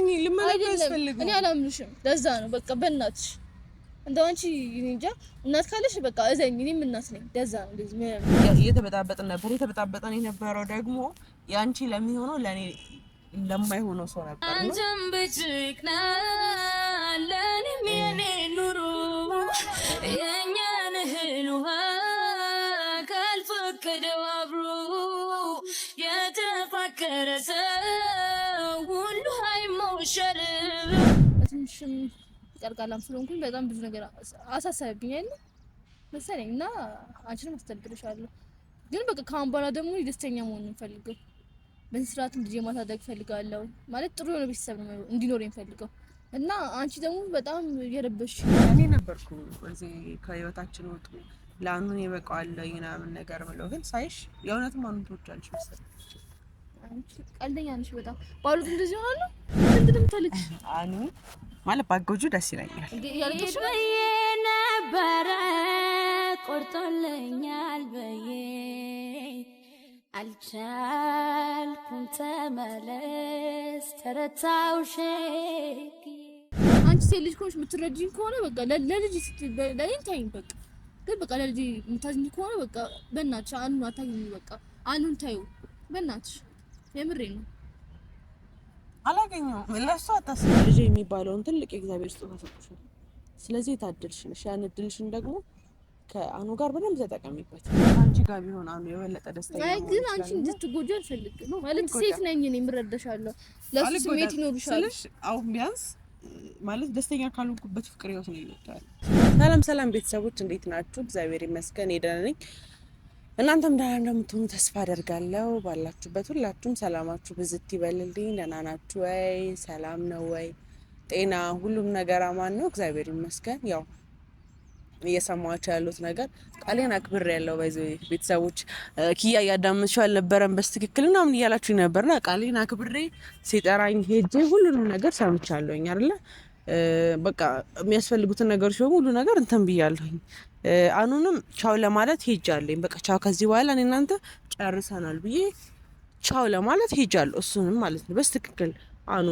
ለምኝ ልመና ያስፈልገው እኔ አላምንሽም። ለዛ ነው በቃ በእናትሽ እንደው አንቺ እንጃ እናት ካለሽ በቃ እዘኝ። እኔም እናት ነኝ። ለዛ ነው እንደዚህ እየተበጣበጥን ነበር። የተበጣበጠን የነበረው ደግሞ ያንቺ ለሚሆነው ለኔ ለማይሆነው ሰው ነበር። አንተም ብጭክ ለኔም የኔ ኑሮ የእኛን እህል ውሃ ካልፈቀደው አብሮ የተፋከረ ሰው ብሻልም ትንሽም ይጠርቃላም ስለሆንኩኝ በጣም ብዙ ነገር አሳሰብኝ አይደል መሰለኝ እና አንቺንም አስተልግልሻለሁ። ግን በቃ ከአሁን በኋላ ደግሞ ደስተኛ መሆን እንፈልገው በስርዓት ልጄ ማሳደግ ፈልጋለሁ። ማለት ጥሩ የሆነ ቤተሰብ ነው እንዲኖር የምፈልገው እና አንቺ ደግሞ በጣም የረበሽ እኔ ነበርኩ እዚህ ከህይወታችን ወጡ ለአኑን የበቃዋለሁ ምናምን ነገር ብለው ግን ሳይሽ የእውነትም አኑን ትወጃለሽ መሰለኝ ቀልደኛ ነሽ በጣም ባሉት እንደዚህ ሆናሉ። ምንድን ምታልቅሽ? አኑ ማለት ባጎጁ ደስ ይለኛል ያልሽ ነበረ ቆርጦልኛል ብዬ አልቻልኩም። ተመለስ ተረታው ሸክ አንቺ ሴት ልጅ ከሆንሽ የምትረጂኝ ከሆነ በቃ ለልጅ ለእኔን ታይኝ በቃ ግን በቃ ለልጅ የምታዝኝ ከሆነ በቃ በእናትሽ አኑን አታይኝ በቃ አኑን ታዩ በእናትሽ የምሬ ነው። አላገኘሁም። ለእሱ አታስብ። ልጅ የሚባለውን ትልቅ የእግዚአብሔር ስጦታ ሰጥቶሻል። ስለዚህ የታደልሽ ነሽ። ያን እድልሽን ደግሞ ከአኑ ጋር በደንብ ተጠቀሚበት። አንቺ ጋር ቢሆን አኑ የበለጠ ደስተኛ ነው። ግን አንቺ እንድትጎጂ አልፈልግ ማለት ሴት ነኝ እኔ የምረዳሻለሁ። ለእሱ ስሜት ይኖርሻል። አሁን ቢያንስ ማለት ደስተኛ ካልሆንኩበት ፍቅር ህይወት ነው ይወጣል። ሰላም ሰላም ቤተሰቦች እንዴት ናችሁ? እግዚአብሔር ይመስገን ደህና ነኝ። እናንተም ደህና እንደምትሆኑ ተስፋ አደርጋለሁ። ባላችሁበት ሁላችሁም ሰላማችሁ ብዝት ይበልልኝ። ደህና ናችሁ ወይ? ሰላም ነው ወይ? ጤና፣ ሁሉም ነገር አማን ነው? እግዚአብሔር ይመስገን። ያው እየሰማችሁ ያሉት ነገር ቃሌን አክብር ያለው ባይዘ ቤተሰቦች ኪያ እያዳመጥሽው አልነበረም በስትክክል እና ምን እያላችሁ ነበርና ቃሌን አክብሬ ሲጠራኝ ሄጄ ሁሉንም ነገር ሰምቻለሁኝ አይደለ? በቃ የሚያስፈልጉትን ነገሮች በሙሉ ነገር እንትን ብያለሁኝ። አኑንም ቻው ለማለት ሄጃለኝ። በቃ ቻው ከዚህ በኋላ እኔ እናንተ ጨርሰናል ብዬ ቻው ለማለት ሄጃለሁ። እሱንም ማለት ነው በስትክክል አኑ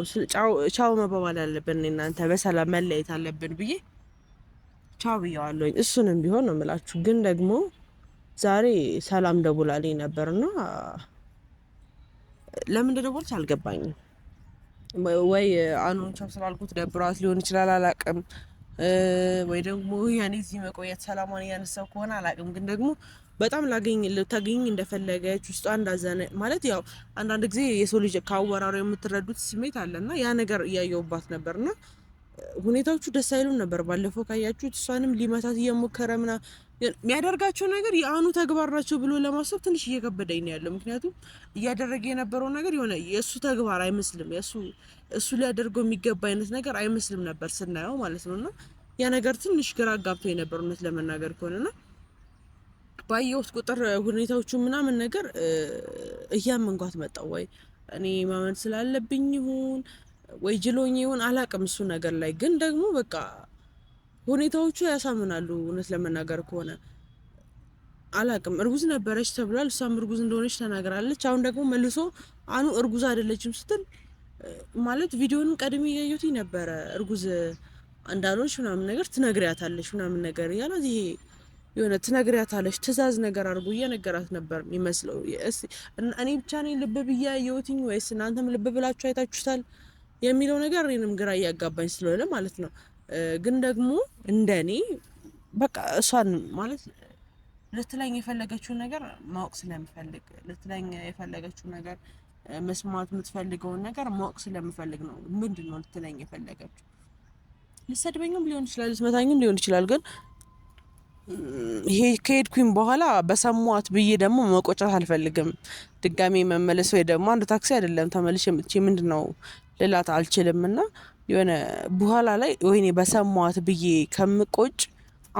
ቻው መባባል አለብን፣ እኔ እናንተ በሰላም መለየት አለብን ብዬ ቻው ብዬዋለሁኝ። እሱንም ቢሆን ነው የምላችሁ። ግን ደግሞ ዛሬ ሰላም ደውላልኝ ነበርና ለምን እንደደወለች አልገባኝም። ወይ አኑን ቻው ስላልኩት ደብሯት ሊሆን ይችላል፣ አላቅም ወይ ደግሞ ያኔ እዚህ መቆየት ሰላሟን እያነሳው ከሆነ አላቅም፣ ግን ደግሞ በጣም ላገኝ ልታገኝ እንደፈለገች ውስጧ እንዳዘነ ማለት ያው አንዳንድ ጊዜ የሰው ልጅ ከአወራሩ የምትረዱት ስሜት አለ አለና ያ ነገር እያየውባት ነበርና ሁኔታዎቹ ደስ አይሉም ነበር። ባለፈው ካያችሁት እሷንም ሊመታት እየሞከረ ምና የሚያደርጋቸው ነገር የአኑ ተግባር ናቸው ብሎ ለማሰብ ትንሽ እየከበደኝ ነው ያለው። ምክንያቱም እያደረገ የነበረው ነገር የሆነ የእሱ ተግባር አይመስልም፣ እሱ ሊያደርገው የሚገባ አይነት ነገር አይመስልም ነበር ስናየው ማለት ነው። እና ያ ነገር ትንሽ ግራ አጋብቶ የነበረ እውነት ለመናገር ከሆነና ባየሁት ቁጥር ሁኔታዎቹ ምናምን ነገር እያመንኳት መጣው። ወይ እኔ ማመን ስላለብኝ ይሁን ወይ ጅሎኝ ይሁን አላቅም እሱ ነገር ላይ ግን ደግሞ በቃ ሁኔታዎቹ ያሳምናሉ። እውነት ለመናገር ከሆነ አላቅም እርጉዝ ነበረች ተብሏል። እሷም እርጉዝ እንደሆነች ተናግራለች። አሁን ደግሞ መልሶ አኑ እርጉዝ አይደለችም ስትል ማለት ቪዲዮንም ቀድሜ እያየሁት ነበረ። እርጉዝ እንዳልሆነች ምናምን ነገር ትነግሪያታለች ምናምን ነገር እያላት ይሄ የሆነ ትነግሪያታለች ትእዛዝ ነገር አድርጎ እየነገራት ነበር የሚመስለው። እኔ ብቻ ነኝ ልብ ብዬ ወይስ እናንተም ልብ ብላችሁ አይታችሁታል የሚለው ነገር እኔንም ግራ እያጋባኝ ስለሆነ ማለት ነው ግን ደግሞ እንደኔ በቃ እሷን ማለት ልትለኝ የፈለገችው ነገር ማወቅ ስለምፈልግ ልትለኝ የፈለገችው ነገር መስማት የምትፈልገውን ነገር ማወቅ ስለምፈልግ ነው። ምንድን ነው ልትለኝ የፈለገችው? ልትሰድበኝም ሊሆን ይችላል፣ ልትመታኝም ሊሆን ይችላል። ግን ይሄ ከሄድኩኝ በኋላ በሰሟት ብዬ ደግሞ መቆጨት አልፈልግም። ድጋሜ መመለስ ወይ ደግሞ አንድ ታክሲ አይደለም ተመልሼ ምንድን ነው ልላት አልችልም እና የሆነ በኋላ ላይ ወይኔ በሰማዋት ብዬ ከምቆጭ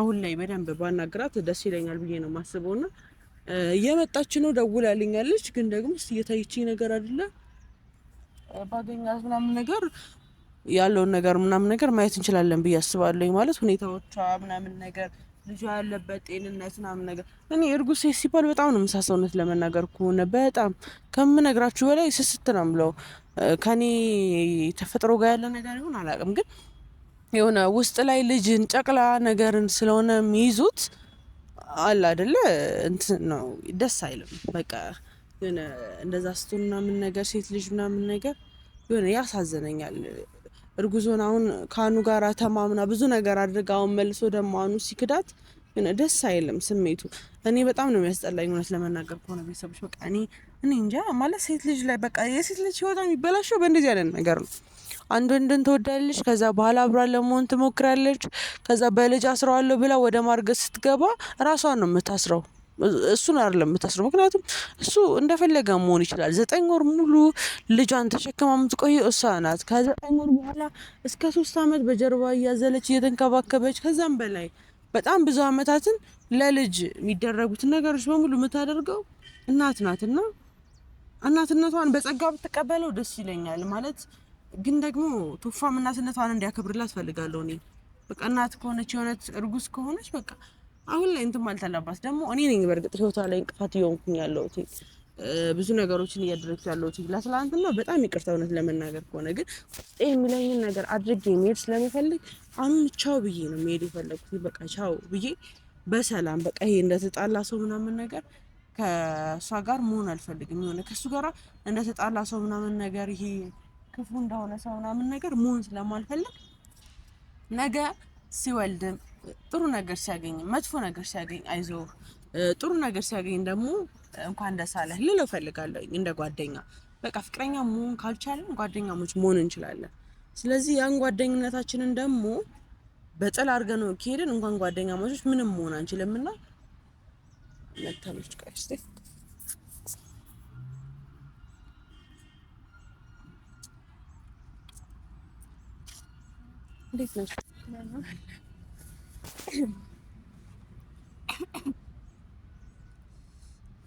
አሁን ላይ በደንብ ባናግራት ደስ ይለኛል ብዬ ነው የማስበው። ና እየመጣች ነው ደውላልኛለች፣ ግን ደግሞ ስ ነገር አይደለ ባገኛት ምናምን ነገር ያለውን ነገር ምናምን ነገር ማየት እንችላለን ብዬ አስባለኝ። ማለት ሁኔታዎቿ ምናምን ነገር ልጇ ያለበት ጤንነት ምናምን ነገር እኔ እርጉዝ ሴት ሲባል በጣም ነው የምሳሰውነት ለመናገር ከሆነ በጣም ከምነግራችሁ በላይ ስስት ነው ከኔ ተፈጥሮ ጋር ያለ ነገር ይሁን አላውቅም፣ ግን የሆነ ውስጥ ላይ ልጅን ጨቅላ ነገርን ስለሆነ የሚይዙት አለ አደለ እንትን ነው ደስ አይልም። በቃ የሆነ እንደዛ ስቶን ምናምን ነገር ሴት ልጅ ምናምን ነገር የሆነ ያሳዝነኛል። እርጉዞን አሁን ከአኑ ጋር ተማምና ብዙ ነገር አድርጋ አሁን መልሶ ደግሞ አኑ ሲክዳት ደስ አይልም ስሜቱ። እኔ በጣም ነው የሚያስጠላኝ እውነት ለመናገር ከሆነ ቤተሰቦች በቃ እኔ እኔ እንጃ ማለት ሴት ልጅ ላይ በቃ የሴት ልጅ ህይወት የሚበላሸው በእንደዚህ አይነት ነገር ነው። አንድ ወንድን ትወዳለች፣ ከዛ በኋላ አብራ ለመሆን ትሞክራለች። ከዛ በልጅ አስረዋለሁ ብላ ወደ ማርገዝ ስትገባ ራሷን ነው የምታስረው። እሱን አይደለም የምታስረው፣ ምክንያቱም እሱ እንደፈለገ መሆን ይችላል። ዘጠኝ ወር ሙሉ ልጇን ተሸክማ የምትቆየው እሷ ናት። ከዘጠኝ ወር በኋላ እስከ ሶስት አመት በጀርባ እያዘለች እየተንከባከበች ከዛም በላይ በጣም ብዙ አመታትን ለልጅ የሚደረጉትን ነገሮች በሙሉ የምታደርገው እናት እና እናትነቷን በጸጋ ብትቀበለው ደስ ይለኛል። ማለት ግን ደግሞ ቶፋም እናትነቷን እንዲያከብርላት ፈልጋለሁ። እኔ በቃ እናት ከሆነች የሆነች እርጉዝ ከሆነች በቃ አሁን ላይ እንትም አልተላባት ደግሞ እኔ ነኝ በእርግጥ ህይወቷ ላይ እንቅፋት እየሆንኩኝ ያለሁት ብዙ ነገሮችን እያደረግኩ ያለሁት ለትላንትና በጣም ይቅርታ እውነት ለመናገር ከሆነ ግን ቁጤ የሚለኝን ነገር አድርጌ መሄድ ስለምፈልግ አሁን ቻው ብዬ ነው መሄድ የፈለግኩት። በቃ ቻው ብዬ በሰላም በቃ ይሄ እንደተጣላ ሰው ምናምን ነገር ከእሷ ጋር መሆን አልፈልግም። የሆነ ከእሱ ጋር እንደተጣላ ሰው ምናምን ነገር ይሄ ክፉ እንደሆነ ሰው ምናምን ነገር መሆን ስለማልፈልግ ነገ ሲወልድም ጥሩ ነገር ሲያገኝ መጥፎ ነገር ሲያገኝ አይዞ ጥሩ ነገር ሲያገኝ ደግሞ እንኳን ደስ አለህ ልለው እፈልጋለሁ። እንደ ጓደኛ በቃ ፍቅረኛ መሆን ካልቻለን ጓደኛሞች መሆን እንችላለን። ስለዚህ ያን ጓደኝነታችንን ደግሞ በጥል አድርገን ነው ከሄድን እንኳን ጓደኛሞች ምንም መሆን አንችልምና መተኖች ጋር ስ እንዴት ነሽ?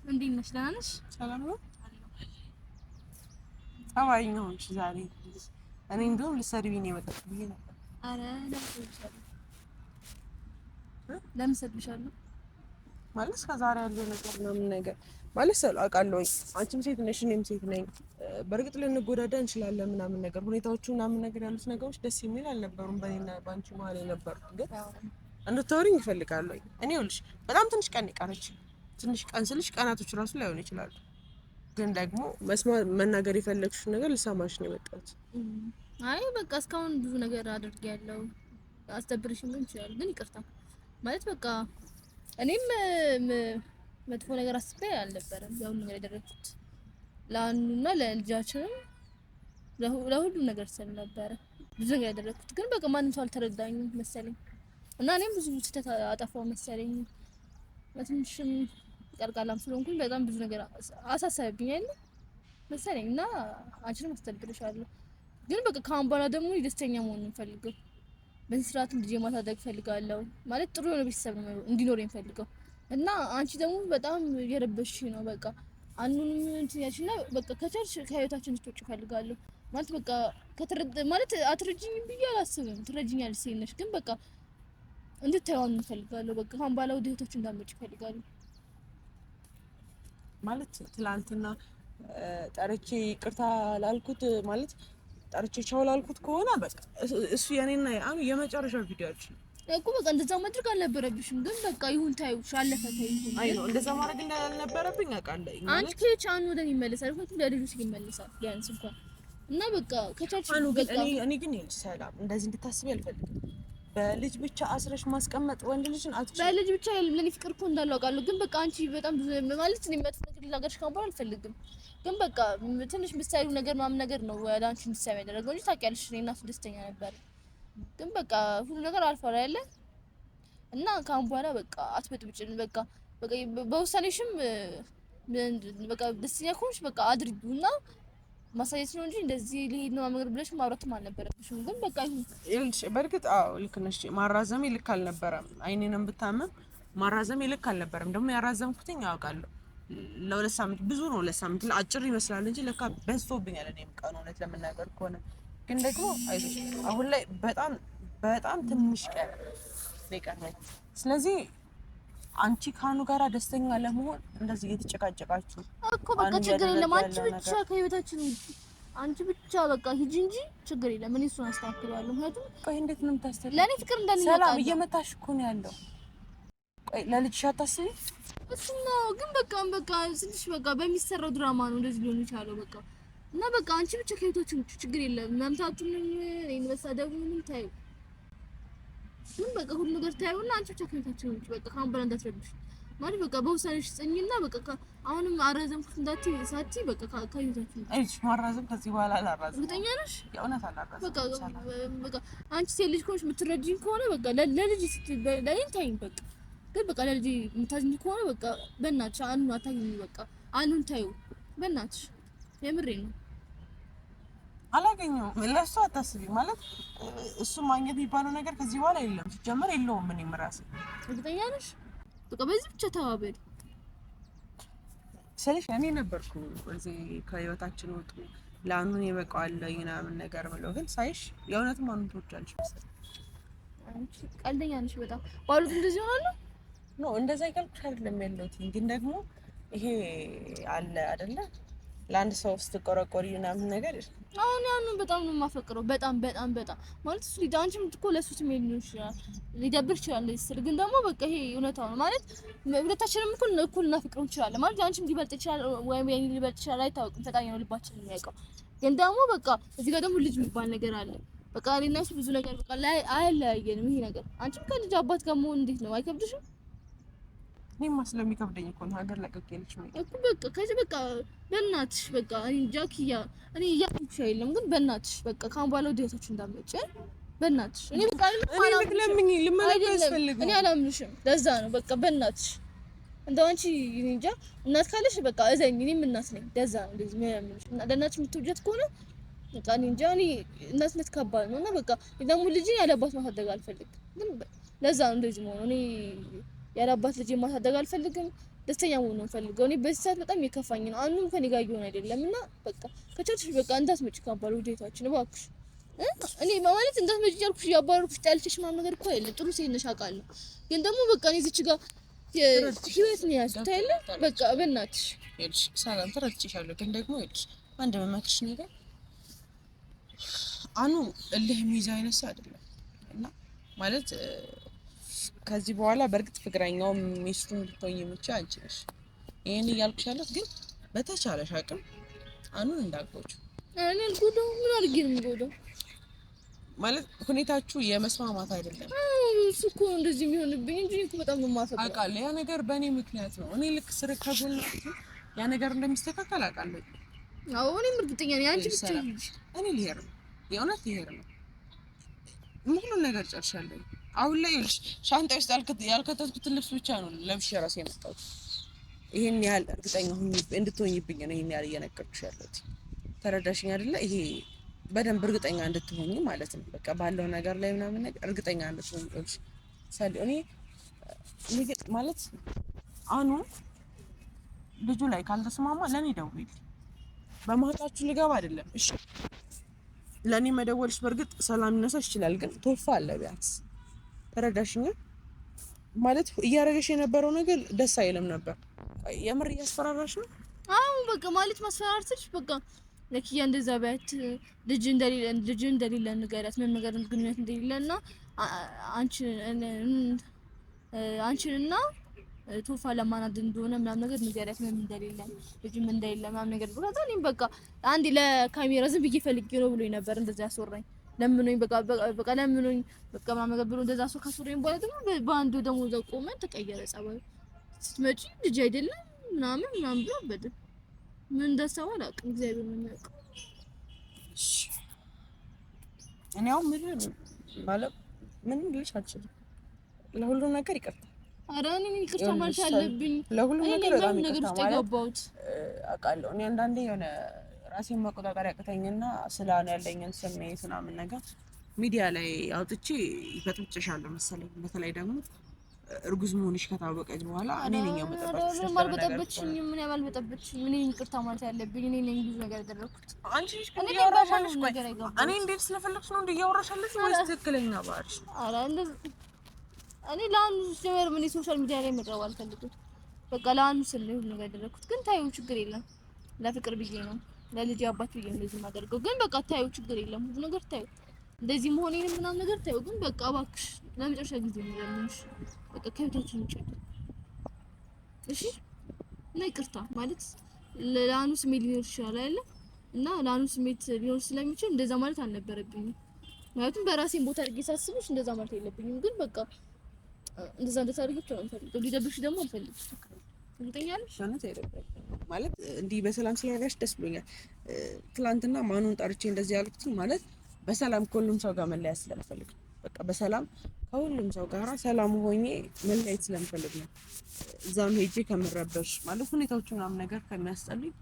እንዴት ነሽ? ደህና ነሽ? ሰላም ነው። ጸባይኛ ሆንሽ ዛሬ። እኔ እንደውም ልትሰድቢኝ ነው የመጣሁት ብዬሽ ነበር። ኧረ ለምን ሰድብሻለሁ? ለምን ሰድብሻለሁ ማለት ከዛሬ ያለው ነገር ምናምን ነገር ማለት ሰው አውቃለሁኝ። አንቺም ሴት ነሽ፣ እኔም ሴት ነኝ። በእርግጥ ልንጎዳዳ እንችላለን ምናምን ነገር ሁኔታዎቹ ምናምን ነገር ያሉት ነገሮች ደስ የሚል አልነበሩም፣ በእኔና በአንቺ መሀል የነበሩት ግን እንድታወሪኝ ይፈልጋለሁ። እኔ ይኸውልሽ በጣም ትንሽ ቀን የቀረች ትንሽ ቀን ስልሽ ቀናቶች ራሱ ላይሆን ይችላሉ፣ ግን ደግሞ መስማት መናገር የፈለግሽ ነገር ልሰማሽ ነው የመጣሁት። አይ በቃ እስካሁን ብዙ ነገር አድርጌያለሁ፣ አስደብርሽም ሊሆን ይችላል፣ ግን ይቅርታ ማለት በቃ እኔም መጥፎ ነገር አስቤ አልነበረም። ያው ነገር ያደረኩት ለአንዱና ለልጃችንም ለሁሉም ነገር ስል ነበረ ብዙ ነገር ያደረኩት፣ ግን በቃ ማንም ሰው አልተረዳኝም መሰለኝ እና እኔም ብዙ ስህተት አጠፋው መሰለኝ። በትንሽም ቀልቃላም ስለሆንኩኝ በጣም ብዙ ነገር አሳሰብብኝ አይደል መሰለኝ እና አንቺንም ግን በቃ ከአሁን በኋላ ደግሞ ደስተኛ መሆን እንፈልገው በዚህ ስርዓት ልጄ ማሳደግ ፈልጋለሁ ማለት ጥሩ የሆነ ቤተሰብ ነው እንዲኖር የምፈልገው እና አንቺ ደግሞ በጣም የረበሽ ነው በቃ አኑንም እንትን ያልሽ እና በቃ ከቻልሽ ከህይወታችን ልትወጪ እፈልጋለሁ ማለት በቃ ከተረደ ማለት አትረጅኝም ብዬ አላስብም። ትረጅኛለሽ ሴት ነሽ ግን በቃ እንድታይዋን እፈልጋለሁ። በቃ አሁን ወደ ህይወታችን እንዳመጭ እፈልጋለሁ ማለት ትላንትና ጠርቼ ይቅርታ ላልኩት ማለት ጠርቼ ቻው ላልኩት ከሆነ በቃ እሱ የኔና የአኑ የመጨረሻ ቪዲዮችን እኮ በቃ እንደዛ ማድረግ አልነበረብሽም፣ ግን በቃ ይሁን ታዩ አለፈ ታዩ። አይ ነው እንደዛ ማድረግ እንዳልነበረብኝ አውቃለሁ። አንቺ ከቻ አኑ ወደ እኔ ይመለሳል፣ ሁለቱ ለልጁ ሲል ይመለሳል ቢያንስ እንኳን እና በቃ ከቻች አኑ ግን እኔ ግን ሰላም እንደዚህ እንድታስቢ አልፈልግም በልጅ ብቻ አስረሽ ማስቀመጥ ወንድ ልጅን አትችልም። በልጅ ብቻ ለኔ ፍቅር እኮ እንዳለው አውቃለሁ፣ ግን በቃ አንቺ በጣም ብዙ ማለት እኔ መጥፎ ነገር ልናገርሽ ካምባል አልፈልግም፣ ግን በቃ ትንሽ ምሳሌ ነገር ምናምን ነገር ነው ወደ አንቺ ምሳሌ ያደረገው እንጂ ታውቂያለሽ፣ እኔ እናቱ ደስተኛ ነበር፣ ግን በቃ ሁሉ ነገር አልፏል ያለ እና ካሁን በኋላ በቃ አትበጥብጭን። በቃ በቃ በውሳኔሽም በቃ ደስተኛ ከሆንሽ በቃ አድርጊውና ማሳየት ነው እንጂ እንደዚህ ሊሄድ ነው መንገድ ብለሽ ማውራትም አልነበረብሽም። ግን በቃ ይኸውልሽ፣ በእርግጥ አዎ ልክ ነሽ። ማራዘሜ ልክ አልነበረም። አይኔንም ብታመም ማራዘሜ ልክ አልነበረም። ደግሞ ያራዘምኩትኝ አውቃለሁ። ለሁለት ሳምንት ብዙ ነው። ሁለት ሳምንት አጭር ይመስላል እንጂ ለካ በዝቶብኛል። እኔም ቀኑ እውነት ለምናገር ከሆነ ግን ደግሞ አሁን ላይ በጣም በጣም ትንሽ ቀን ነው የቀረኝ። ስለዚህ አንቺ ካኑ ጋራ ደስተኛ ለመሆን እንደዚህ እየተጨቃጨቃችሁ እኮ በቃ ችግር የለም። አንቺ ብቻ ከህይወታችን አንቺ ብቻ በቃ ሂጂ እንጂ ችግር የለም። እኔ እሱን አስተካክላለሁ። ምክንያቱም ቆይ እንዴት ነው የምታስተካክለው? ለእኔ ፍቅር እንደሚመጣ ሰላም እየመታሽ እኮ ነው ያለው። ቆይ ለልጅሽ አታስቢ። እሱ ነው ግን በቃ በቃ ስልሽ በቃ በሚሰራው ድራማ ነው እንደዚህ ሊሆን የቻለው በቃ እና በቃ አንቺ ብቻ ከህይወታችን ችግር የለም። መምታቱንም እኔን መሳደቡንም ታዩ ምን በቃ ሁሉ ነገር ታዩና አንቺ ብቻ ከቤታችን ውጪ በቃ ካሁን በኋላ እንዳትረብሽ ማለት በቃ በውሳኔሽ ጽኝና በቃ አሁንም አራዘምኩት እንዳትዪ ሳቲ በቃ ከቤታችን እሺ። ማራዘም ከዚህ በኋላ አላራዘም። እርግጠኛ ነሽ? የእውነት አላራዘም። በቃ በቃ አንቺ ሴት ልጅ ከሆነሽ የምትረጂኝ ከሆነ በቃ ለልጅ ለእኔ ታይኝ በቃ ግን በቃ ለልጅ የምታዝኝ ከሆነ በቃ በእናትሽ አኑን አታይኝ በቃ አኑን ታዩ በእናትሽ የምሬ ነው። አላገኘሁም። ለእሱ አታስቢ ማለት እሱ ማግኘት የሚባለው ነገር ከዚህ በኋላ የለም። ሲጀመር የለውም። ምን ይምራስ? እርግጠኛ ነሽ? በቃ በዚህ ብቻ ተባበል ስልሽ እኔ ነበርኩ እዚህ ከህይወታችን ወጡ ለአኑን የበቃዋለ ምናምን ነገር ብለው፣ ግን ሳይሽ የእውነትም አኑን ትወጃለሽ መሰለኝ። ቀልደኛ ነሽ በጣም ባሉት እንደዚህ ሆናለ ኖ እንደዛ ይቀልኩሽ አይደለም ያለሁት ግን ደግሞ ይሄ አለ አይደለ ለአንድ ሰው ስትቆረቆሪ ምናምን ነገር አሁን ያንን በጣም ነው የማፈቅረው። በጣም በጣም በጣም ማለት እሱ ሊዳ አንቺም እኮ ለእሱ ስሜት ሊሆን ይችላል ሊደብር ይችላል ስል ግን ደግሞ በቃ ይሄ እውነታው ነው ማለት ሁለታችንም እኩል እኩል እናፈቅረው እንችላለን ማለት አንቺም ሊበልጥ ይችላል ወይም የኔ ሊበልጥ ይችላል አይታወቅም። ፈጣሪ ነው ልባችን የሚያውቀው። ግን ደግሞ በቃ እዚህ ጋር ደግሞ ልጅ የሚባል ነገር አለ። በቃ እኔና እሱ ብዙ ነገር በቃ ላይ አይለያየንም። ይሄ ነገር አንቺም ከልጅ አባት ጋር መሆን እንዴት ነው አይከብድሽም? እኔማ ስለሚከብደኝ እኮ ነው ሀገር ለቅቄ ልጅ ነው እኮ በቃ ከዚህ በቃ በእናትሽ በቃ ጃኪያ እኔ እያልኩሽ የለም ግን በእናትሽ በቃ ከአሁን በኋላ ወደ ቤታችሁ እንዳትመጪ በእናትሽ። እኔ በቃ እኔ አላምንሽም። ለዛ ነው በቃ በእናትሽ እንደው አንቺ እንጃ እናት ካለሽ በቃ እዘኝ። እኔም እናት ነኝ። ለዛ ነው እንደዚህ የሚያምንሽ እና ለእናትሽ የምትወጀት ከሆነ በቃ እኔ እንጃ እኔ እናትነት ከባድ ነው እና በቃ ደግሞ ልጅ ያለባት ማሳደግ አልፈልግም። ግን ለዛ ነው እንደዚህ መሆኑ። እኔ ያለባት ልጅ ማሳደግ አልፈልግም። ደስተኛ መሆን ነው ፈልገው። እኔ በዚህ ሰዓት በጣም የከፋኝ ነው። አንዱም ከኔ ጋር እየሆነ አይደለም እና በቃ ከቻልሽ በቃ እንዳትመጪ ካባሉ ውዴታችን እባክሽ እኔ ማለት እንዳትመጪ እያልኩሽ እያባረርኩሽ ጠልቼሽ ምናምን ነገር እኮ አይደለም። ጥሩ ሴት ነሽ አውቃለሁ፣ ግን ደግሞ በቃ እኔ እዚች ጋር ህይወት ነው ያዝኩት አይደለ በቃ በእናትሽ ይኸውልሽ፣ ሰላም ተረድቼሻለሁ፣ ግን ደግሞ ይኸውልሽ አንድ መመክርሽ ነገር አኑ እልህ የሚይዝ አይነት አይደለም እና ማለት ከዚህ በኋላ በእርግጥ ፍቅረኛው ሚስቱ ልትሆኝ የምቻ አንቺ ነሽ። ይህን እያልኩሽ ያለት ግን በተቻለሽ አቅም አኑን እንዳትጎጂው። እኔን ጉዶ ምን አድርጌ ነው የምጎዳው? ማለት ሁኔታችሁ የመስማማት አይደለም። እሱ እኮ እንደዚህ የሚሆንብኝ እንጂ እኮ በጣም የማሰብ አውቃለሁ። ያ ነገር በእኔ ምክንያት ነው። እኔ ልክ ስር ከጎን ያ ነገር እንደሚስተካከል አውቃለሁ። አዎ እኔም እርግጠኛ ነኝ። አንቺ ብቻ እኔ ልሄድ ነው፣ የእውነት ልሄድ ነው። ሁሉን ነገር ጨርሻለሁ። አሁን ላይ ሻንጣ ውስጥ ያልከተትኩትን ልብስ ብቻ ነው ለብሼ ራሴ የመጣሁት። ይሄን ያህል እርግጠኛ እንድትሆኝብኝ ነው ይሄን ያህል እየነገርኩሽ ያለሁት። ተረዳሽኝ አይደለ? ይሄ በደንብ እርግጠኛ እንድትሆኝ ማለት ነው። በቃ ባለው ነገር ላይ ምናምን ነገር እርግጠኛ እንድትሆኝ ልሽ ሳል እኔ ማለት አኑ ልጁ ላይ ካልተስማማ ለእኔ ደውይልኝ። በማታችሁ ልገባ አይደለም እሺ። ለእኔ መደወልሽ በእርግጥ ሰላም ሊነሳሽ ይችላል፣ ግን ቶፋ አለ ቢያንስ ተረዳሽኛ? ማለት እያረገሽ የነበረው ነገር ደስ አይልም ነበር። የምር እያስፈራራሽ ነው። አዎ በቃ ማለት ማስፈራራትሽ በቃ ለኪያ እንደዛ ቢያት ልጅ እንደሌለ ልጅ እንደሌለ ንገሪያት፣ ምንም ነገር ግንኙነት እንደሌለና እና ቶፋ ለማናድ እንደሆነ ምናምን ነገር ንገሪያት፣ ምንም እንደሌለ ልጅም እንደሌለ ምናምን ነገር ብሎ እኔም በቃ አንዴ ለካሜራ ዝም ብዬ ፈልጌ ነው ብሎ ነበር እንደዛ ያስወራኝ። ለምኖኝ በቃ በቃ ለምኖኝ በቃ ማመገብ ብሎ እንደዛ ሰው ካሰሩኝ በኋላ ደግሞ በአንዱ ደግሞ እዛ ቆመን ተቀየረ ጸባዩ። ስትመጪ ልጅ አይደለም ምናምን ምናምን ብሎ በደ ምን እንዳሰበ አላውቅም፣ እግዚአብሔር ነው የሚያውቀው። እኔ አሁን ምን ማለት ምንም ልልሽ አልችልም። ለሁሉም ነገር ይቅርታ። ኧረ እኔ ይቅርታ ማለት አለብኝ። ለሁሉም ነገር በጣም ነገር ውስጥ የገባሁት አውቃለሁ። እኔ አንዳንዴ የሆነ ራሴን መቆጣጠር ያቅተኝና ስላን ያለኝን ስሜት ምናምን ነገር ሚዲያ ላይ አውጥቼ ይበጥብጭሻለሁ መሰለኝ። በተለይ ደግሞ እርጉዝ መሆንሽ ከታወቀች በኋላ እኔ ነኝ ያመጣባችሁ። ምንም አልበጠበጥሽኝም፣ ምን ያልበጠበጥሽኝ፣ ምን ይቅርታ ማለት ያለብኝ እኔ ነኝ። ብዙ ነገር ያደረኩት እኔ እንዴት ስለፈለግሽ ነው እንደ እያወራሻለሽ ወይስ ትክክለኛ ባልሽ? እኔ ለአንዱ ሲጀመር ምን ሶሻል ሚዲያ ላይ መቅረብ አልፈልግም። በቃ ለአንዱ ስለ ሁሉ ነገር ያደረግኩት ግን ታየው ችግር የለም ለፍቅር ብዬ ነው ለልጅ አባት ብዬ እንደዚህ ማደርገው ግን በቃ ታዩ፣ ችግር የለም ሁሉ ነገር ታዩ፣ እንደዚህ መሆኔንም ምናምን ነገር ታዩ። ግን በቃ እባክሽ ለመጨረሻ ጊዜ የሚለምንሽ በቃ ከቤታችን ውጭ እሺ። እና ይቅርታ ማለት ለአኑ ስሜት ሊኖር ይችላል አይደለ? እና ለአኑ ስሜት ሊኖር ስለሚችል እንደዛ ማለት አልነበረብኝም። ማለትም በራሴን ቦታ አድርጌ ሳስብሽ እንደዛ ማለት የለብኝም። ግን በቃ እንደዛ እንደታደርገች አልፈልግም። ሊደብርሽ ደግሞ አልፈልግም። እምጠኛለሽ እውነት ማለት እንዲህ በሰላም ስላደረሽ ደስ ብሎኛል። ትናንትና ማኑን ጠርቼ እንደዚህ ያልኩት ማለት በሰላም ከሁሉም ሰው ጋር መለያየት ስለምፈልግ ነው። በቃ በሰላም ከሁሉም ሰው ጋራ ሰላም ሆኜ መለያየት ስለምፈልግ ነው። እዛም ሄጄ ከምረበሽ ማለት ሁኔታዎቹ ምናምን ነገር ከሚያስጠሉኝ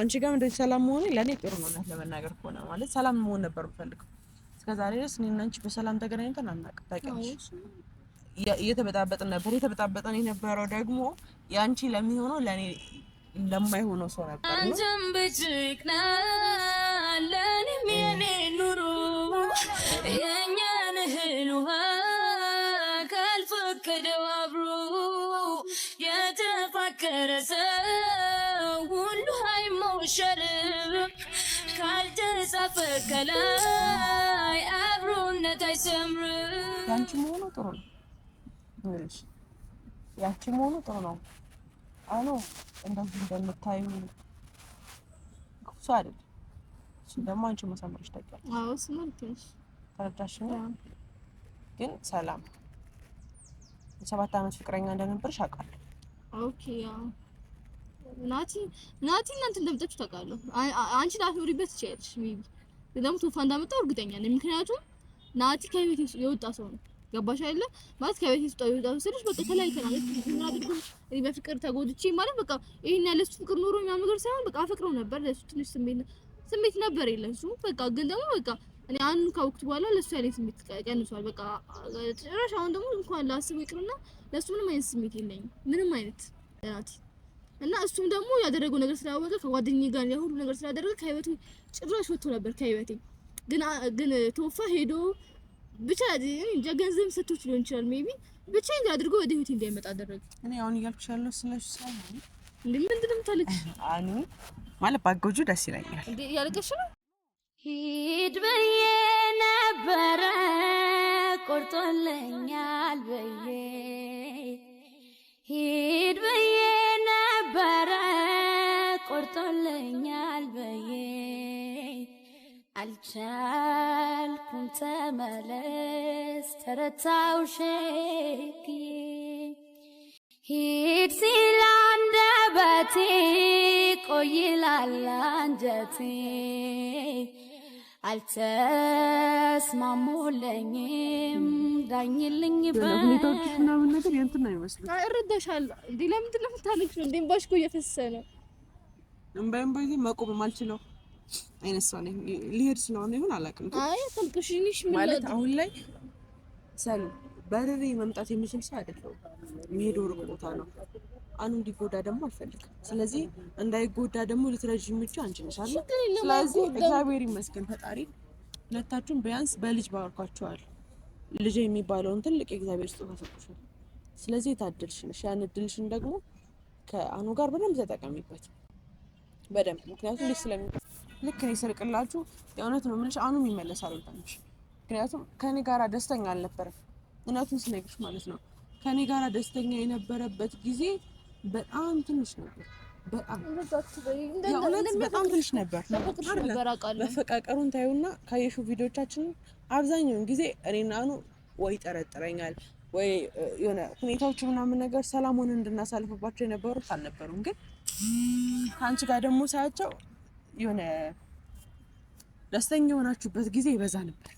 አንቺ ጋር እንደዚህ ሰላም መሆኔ ለእኔ ጥሩ ነው። እውነት ለመናገር ከሆነ ማለት ሰላም መሆን ነበር የምፈልገው። እስከዛሬ ድረስ እኔና አንቺ በሰላም ተገናኝተን አናውቅም። ታውቂያለሽ እየተበጣበጥን ነበር። የተበጣበጠን የነበረው ደግሞ የአንቺ ለሚሆነው ለእኔ ለማይሆነው ሰው ነበር። አንተም ብጭቅና ለእኔም የኔ ኑሮ የእኛን እህል ውሃ ካልፈቀደው አብሮ የተፋከረ ሰው ሁሉ አይሞሸርም። ካልተጻፈ ከላይ አብሮነት አይሰምርም። ያንቺ መሆኑ ጥሩ ነው። ይኸውልሽ ያቺ መሆኑ ጥሩ ነው። አኖ እንደዚህ እንደምታዩ ኩሱ አይደል ደግሞ አንቺ መሰምርሽ ታውቂያለሽ። አዎ ስማልትሽ ተረዳሽ። ግን ሰላም የሰባት አመት ፍቅረኛ እንደነበርሽ አውቃለሁ። ኦኬ ያው ናቲ ናቲ እናንተ እንደምጠችሁ ታውቃለሁ። አንቺ ላትኖሪበት ትችያለሽ። ሜቢ ደግሞ ቶፋ እንዳመጣው እርግጠኛ ነኝ። ምክንያቱም ናቲ ከቤት የወጣ ሰው ነው ገባሽ አይደለ? ማለት ከቤት ውስጥ ይወጣ ስልሽ በቃ ተለያይተናል። እኔ በፍቅር ተጎድቼ ማለት በቃ ይሄን ያለ እሱ ፍቅር ኖሮ ምናምን ነገር ሳይሆን በቃ አፈቅረው ነበር። ለሱ ትንሽ ስሜት ስሜት ነበር የለም እሱ በቃ ግን ደግሞ በቃ እኔ አንዱ ካወቅኩት በኋላ ለሱ ያለኝ ስሜት ቀንሷል። በቃ ጭራሽ አሁን ደግሞ እንኳን ላስብ ይቅርና ለሱ ምንም አይነት ስሜት የለኝም። ምንም አይነት ናት እና እሱም ደግሞ ያደረገው ነገር ስላወቀ ከጓደኛዬ ጋር ያሁሉ ነገር ስላደረገ ከህይወቱ ጭራሽ ወጥቶ ነበር ከህይወቴ ግን ግን ተወፋ ሄዶ ብቻ እንጃ ገንዘብ ሰጥቶች ሊሆን ይችላል። ሜቢ ብቻ እንጃ አድርጎ ወደ ህይወት እንዳይመጣ አደረገ። እኔ አሁን እያልኩሽ ያለው ስለሽ ሰው እንዴ ምን ነው የምታለቅሽ? አኑ ማለት ባጎጁ ደስ ይለኛል። እንዴ እያለቀሽ ነው? ሂድ በዬ ነበረ ቆርጦለኛል በዬ ሂድ በዬ ነበረ ቆርጦለኛል አልቻልኩም ተመለስ ተረታው ሸጌ ሂድ ሲል አንደበቴ ቆይ አንጀቴ አልተስማሙለኝም ዳኝልኝ በሁኔታዎች ምናምን ነገር የእንትን አይመስልም። እረዳሻለሁ እንዴ ለምንድን ነው የምታለቅሽው? እንዴ እምባሽ እኮ እየፈሰነ እምባ እምባ መቆም አልችለው አይነት ሊሄድ ስለሆነ ይሁን አላውቅም። አይ ማለት አሁን ላይ ሰሉ በርሬ መምጣት የሚችል ሰው አይደለሁም። የሚሄደው ሩቅ ቦታ ነው። አንዱ እንዲጎዳ ደግሞ አልፈልግም። ስለዚህ እንዳይጎዳ ደግሞ ልትረጅ የምችው አንቺ ነሽ አይደል? ስለዚህ እግዚአብሔር ይመስገን ፈጣሪ ሁለታችሁም ቢያንስ በልጅ ባርኳችኋል። ልጅ የሚባለውን ትልቅ የእግዚአብሔር ስጦታ ሰጥቶሻል። ስለዚህ የታደልሽ ነሽ። ያን እድልሽን ደግሞ ከአኑ ጋር በደንብ ተጠቀሚበት በደንብ ምክንያቱም ልጅ ስለሚ ልክ ነው ይሰርቅላችሁ። የእውነት ነው የምልሽ፣ አሁንም ይመለሳል ወልታንሽ። ምክንያቱም ከኔ ጋራ ደስተኛ አልነበረም፣ እውነቱን ስነግርሽ ማለት ነው። ከኔ ጋራ ደስተኛ የነበረበት ጊዜ በጣም ትንሽ ነበር፣ በጣም ትንሽ ነበር። መፈቃቀሩን ታዩና ካየሹ ቪዲዮቻችን አብዛኛውን ጊዜ እኔና ኑ ወይ ጠረጥረኛል ወይ የሆነ ሁኔታዎች ምናምን ነገር ሰላም እንድናሳልፍባቸው የነበሩት አልነበሩም። ግን ከአንቺ ጋር ደግሞ ሳያቸው የሆነ ደስተኛ የሆናችሁበት ጊዜ ይበዛ ነበር።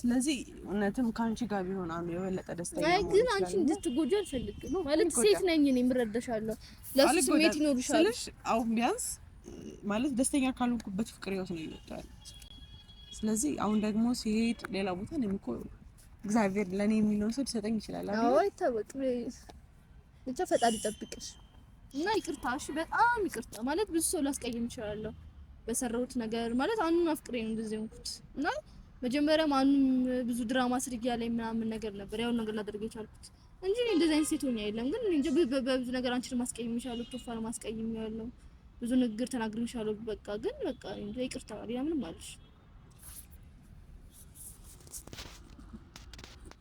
ስለዚህ እውነትም ከአንቺ ጋር ቢሆን አሁን የበለጠ ደስተኛ አይ፣ ግን አንቺ እንድትጎጂ አልፈልግም። ማለት ሴት ነኝ እኔ የምረዳሻለሁ። ለሱ ስሜት ይኖርሻል። አሁን ቢያንስ ማለት ደስተኛ ካልሆንኩበት ፍቅር ህይወት ነው ይወጣል። ስለዚህ አሁን ደግሞ ሲሄድ ሌላ ቦታ ነው እኮ እግዚአብሔር ለእኔ የሚለውን ሰው ሊሰጠኝ ይችላል። አዎ አይታወቅም። ብቻ ፈጣሪ ይጠብቅሽ። እና ይቅርታ፣ እሺ፣ በጣም ይቅርታ ማለት ብዙ ሰው ላስቀይም እችላለሁ በሰራሁት ነገር ማለት አኑን አፍቅሬ ነው እንደዚህ ሆንኩት እና መጀመሪያም አኑም ብዙ ድራማ ስርጊያ ላይ ምናምን ነገር ነበር ያው ነገር ላደርግ የቻልኩት እንጂ እንደዚህ አይነት ሴት ሆኜ አይደለም። ግን እንጂ በብዙ ነገር አንቺን ማስቀየም ይችላል፣ ቶፋን ማስቀየም ያለው ብዙ ንግግር ተናግሬሻለሁ። በቃ ግን በቃ እንጂ ይቅርታ ያለ ምንም አለሽ።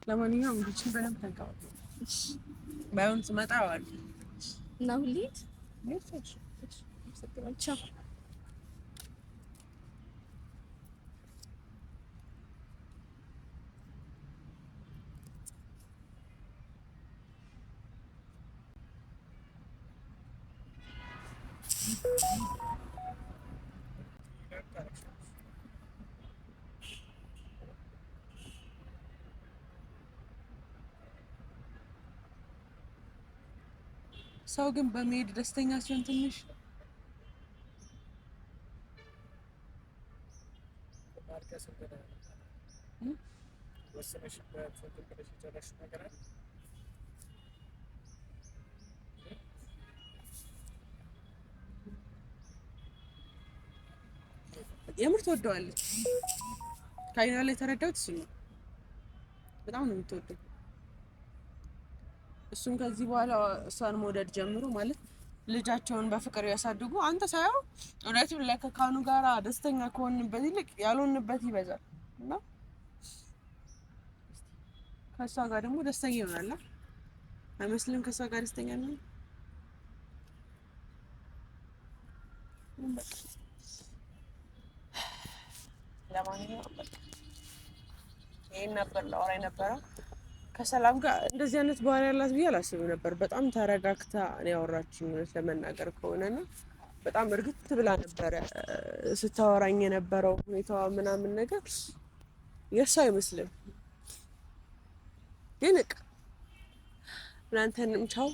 ለማንኛውም ብቻ በደንብ ተንቀባበሉ። ባይሆን ስመጣ አዋል Não, lead? Nem Não precisa ter um tchau. ሰው ግን በመሄድ ደስተኛ ሲሆን ትንሽ የምር ትወደዋለች። ከአይኗ ላይ የተረዳሁት እሱ ነው። በጣም ነው የምትወደው። እሱም ከዚህ በኋላ እሷን መውደድ ጀምሩ ማለት ልጃቸውን በፍቅር ያሳድጉ። አንተ ሳይሆን እውነትም ከካኑ ጋር ደስተኛ ከሆንበት ይልቅ ያልሆንበት ይበዛል እና ከእሷ ጋር ደግሞ ደስተኛ ይሆናል። አይመስልም? ከእሷ ጋር ደስተኛ ነው። ለማንኛውም ይህን ነበር ላወራ የነበረው። ከሰላም ጋር እንደዚህ አይነት ባህሪ ያላት ብዬ አላስብም ነበር። በጣም ተረጋግታ ነው ያወራችኝ እውነት ለመናገር በጣም እርግጥ ብላ ነበረ ስታወራኝ የነበረው ሁኔታዋ ምናምን ነገር የእሱ አይመስልም። ግን እቅ እናንተንም ቻው።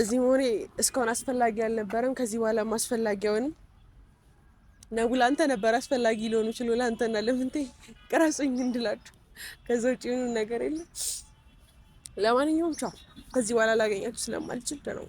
እዚህ መሆኔ እስካሁን አስፈላጊ አልነበረም። ከዚህ በኋላም አስፈላጊ አይሆንም። ነው ለአንተ ነበር አስፈላጊ ሊሆኑ ይችላል። ለአንተና ለምንቴ ቅረጹኝ እንድላችሁ ከዛ ውጭ ነገር የለም። ለማንኛውም ቻው። ከዚህ በኋላ ላገኛችሁ ስለማልችል ነው።